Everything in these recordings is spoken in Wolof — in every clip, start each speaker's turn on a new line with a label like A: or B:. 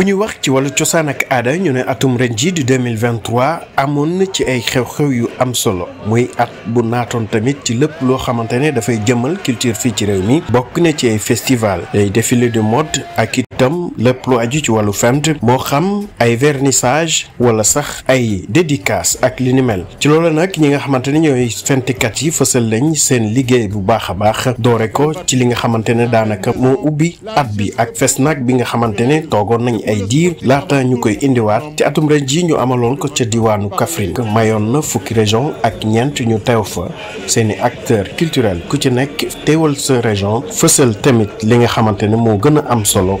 A: bu ñuy wax ci wàllu cosaan ak aada ñu ne atum ren ji di 2023 amoon na ci ay xew-xew yu am solo muy at bu naatoon tamit ci lépp loo xamante ne dafay jëmal culture fii ci réew mi bokk na ci ay festival ay défilé de mode ak itam lépp lu aju ci wàllu fent moo xam ay vernissage wala sax ay dédicace ak li ci loolu nag ñi nga xamante ne ñooy fentikat yi fësal lañ seen liggéey bu baax a baax doore ko ci li nga xamante ne daanaka moo ubbi at bi ak Fesnac bi nga xamante ne toogoon nañ ay diir laata ñu koy indiwaat ci atum ren ji ñu amaloon ko ca diwaanu Kaffrine mayoon na fukki région ak ñeent ñu teew fa seeni acteur culturel ku ci nekk teewal sa région fësal tamit li nga xamante ne moo gën a am solo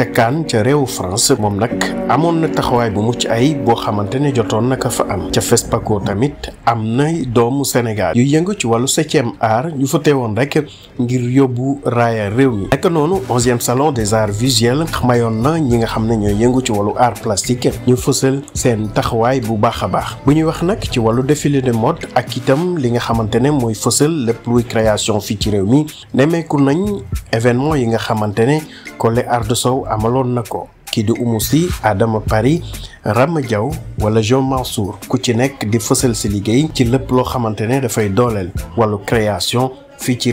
A: ca kaan ca réewu France moom nag amoon na taxawaay bu mucc ay boo xamante ne jotoon nag ko fa am ca FESPACO tamit am na doomu Sénégal yu yëngu ci wàllu septième art yu fa teewoon rek ngir yóbbu raaya réew mi nekk noonu onzième salon des arts visuels mayoon na ñi nga xam ne ñooy yëngu ci wàllu art plastique ñu fësal seen taxawaay bu baax a baax bu ñuy wax nag ci wàllu défilé de mode ak itam li nga xamante ne mooy fësal lépp luy création fii ci réew mi nemmeeku nañ amalon na ko kii di umusi Adam Adama Paris Rama ou wala Jean Mansour ku ci nek di fësal ci liggéey ci maintenir lo xamantene da ou la walu création fi ci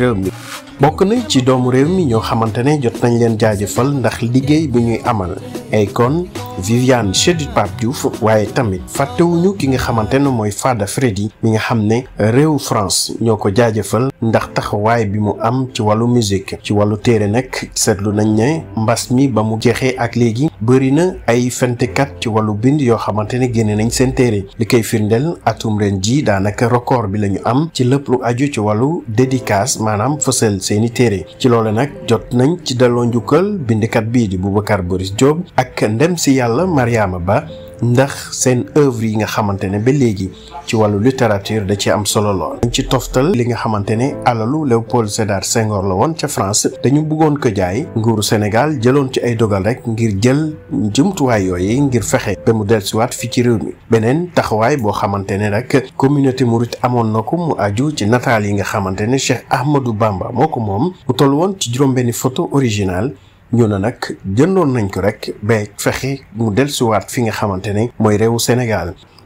A: bokk nañ ci doomu réew mi ñoo xamante ne jot nañ leen jaajëfal ndax liggéey bi ñuy amal ay kon Viviane Chedid Pape Diouf waaye tamit fàttewuñu ki nga xamante ne mooy Fada Freddy mi nga xam ne réew France ñoo ko jaajëfal ndax taxawaay bi mu am ci wàllu musique ci wàllu téere nag seetlu nañ ne mbas mi ba mu jeexee ak léegi bëri na ay fentekat ci wàllu bind yoo xamante ne génne nañ seen téere li koy firndeel atum ren ji daanaka record bi la ñu am ci lépp lu aju ci wàllu dédicace maanaam fësal seeni téere ci loole nag jot nañ ci delloo njukkal bindikat bii di Boubacar Boris Diop ak ndem si yàlla Mariama Ba ndax seen œuvre yi nga xamante ne ba léegi ci wàllu littérature da ci am solo lool. dañ ci toftal li nga xamante ne alalu Léopold Sédar Senghor la woon ca France dañu bëggoon ko jaay nguuru Sénégal jëloon ci ay dogal rek ngir jël jumtuwaay yooyu ngir fexe ba mu dellusiwaat fii ci réew mi beneen taxawaay boo xamante ne rek communauté mouride amoon na ko mu aju ci nataal yi nga xamante ne Cheikh Bamba moo ko moom mu toll woon ci juróom-benni photo original ñu ne nag jëndoon nañ ko rek ba fexe mu dellusiwaat fi nga xamante ne mooy réewu Sénégal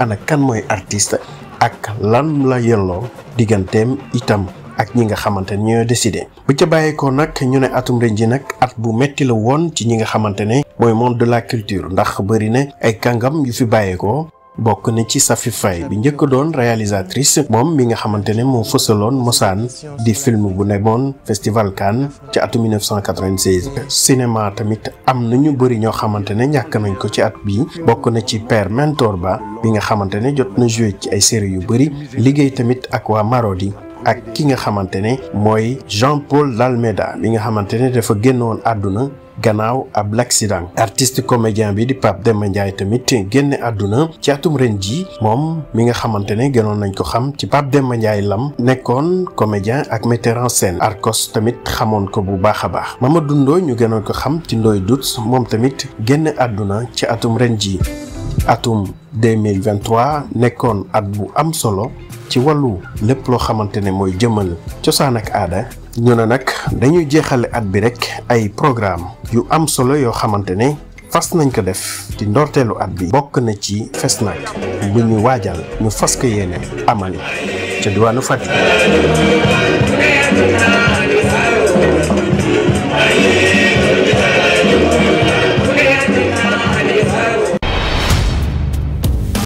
A: ana kan mooy artiste ak lan la yelloo digganteem itam ak ñi nga xamante ni ñoo décidé bu ca bàyyeekoo nag ñu ne atum ren ji nag at bu metti la woon ci ñi nga xamante ne mooy monde de la culture ndax bëri na ay kàngam yu fi bàyyeekoo. bokk na ci Safi Faye bi njëkk doon réalisatrice moom bi nga xamante ne moo fësaloon Mosaan di film bu nemoon Festival Cannes ci atu 1996. cinéma tamit am na ñu bëri ñoo xamante ne ñàkk nañ ko ci at bi bokk na ci Père Mentor Ba bi nga xamante ne jot na joué ci ay série yu bëri liggéey tamit ak waa Marodi. ak ki nga xamante ne mooy Jean Paul Dalméda bi nga xamante ne dafa génnoon àdduna gannaaw ab l'accident artiste comédien bi di Pape Demba tamit génne àdduna ci atum ren ji moom mi nga xamante ne gënoon nañ ko xam ci Pape Demba Ndiaye Lam nekkoon comédien ak metteur seen Arcos tamit xamoon ko bu baax a baax Mamadou Ndoye ñu gënoon ko xam ci Ndoye Doutes moom tamit génn àdduna ci atum ren ji atum 2023 nekkoon at bu am solo ci wàllu lépp loo xamante ne mooy jëmal cosaan ak aada ñu ne nag dañuy jeexale at bi rek ay programme yu am solo yoo xamante ne fas nañ ko def di ndorteelu at bi bokk na ci fes Fesnac bu ñu waajal ñu fas ko yéene amal ca diwaanu Fatick